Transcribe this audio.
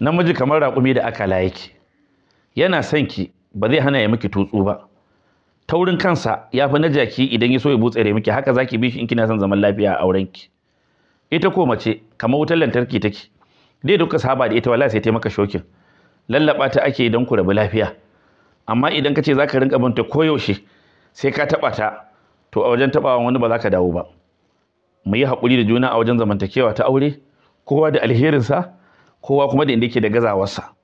namiji kamar raƙumi da aka yake yana son ki ba zai hana ya miki tutsu ba taurin kansa ya fi na jaki idan ya so ya butsere miki haka zaki bi shi in kina son zaman lafiya a ki ita ko mace kamar wutar lantarki take dai duka saba da ita wallahi sai ta maka shokin lallaba ta ake idan ku rabu lafiya amma idan ka ce za ka rinka banta koyaushe sai ka taɓa ta to a wajen taɓawa wani ba za ka dawo ba mu yi haƙuri da juna a wajen zamantakewa ta aure kowa da alherinsa kowa kuma da inda yake da gazawarsa